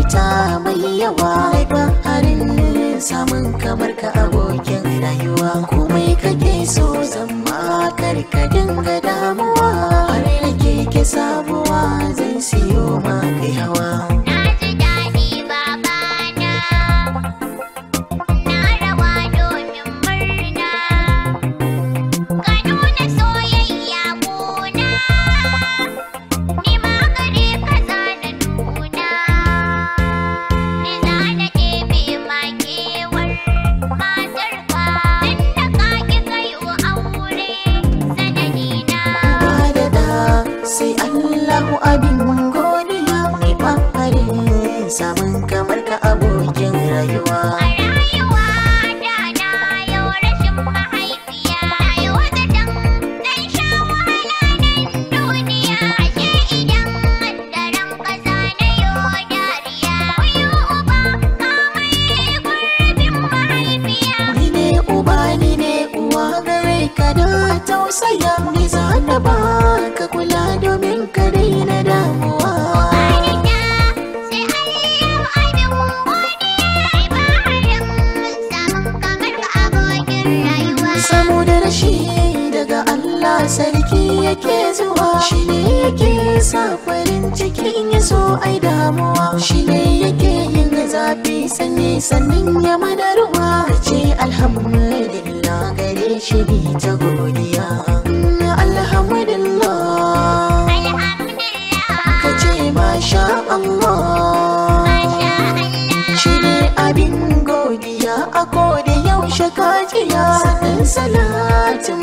fita mai yawa ga harin samun kamar ka abokin rayuwa komai kake so zama karka dinga damuwa har nake ke sabuwa zan siyo ma kai hawa kamar ka abokin rayuwa a rayuwa da na yau rashin mahaifiya rayuwa da dan dan sha wahala duniya ashe idan daren kasa na yau dariya wayo uba ka mai gurbin mahaifiya ni ne uba ni ne uwa gare ka da tausaya ni za ba Allah sarki yake zuwa shi ne yake sa farin cikin ya so ai damuwa shi ne yake yin zafi sanni sannin ya madarwa ce alhamdulillah gare shi bi ta godiya alhamdulillah ka ce masha Allah shi ne abin godiya a koda yaushe kajiya sanin salatin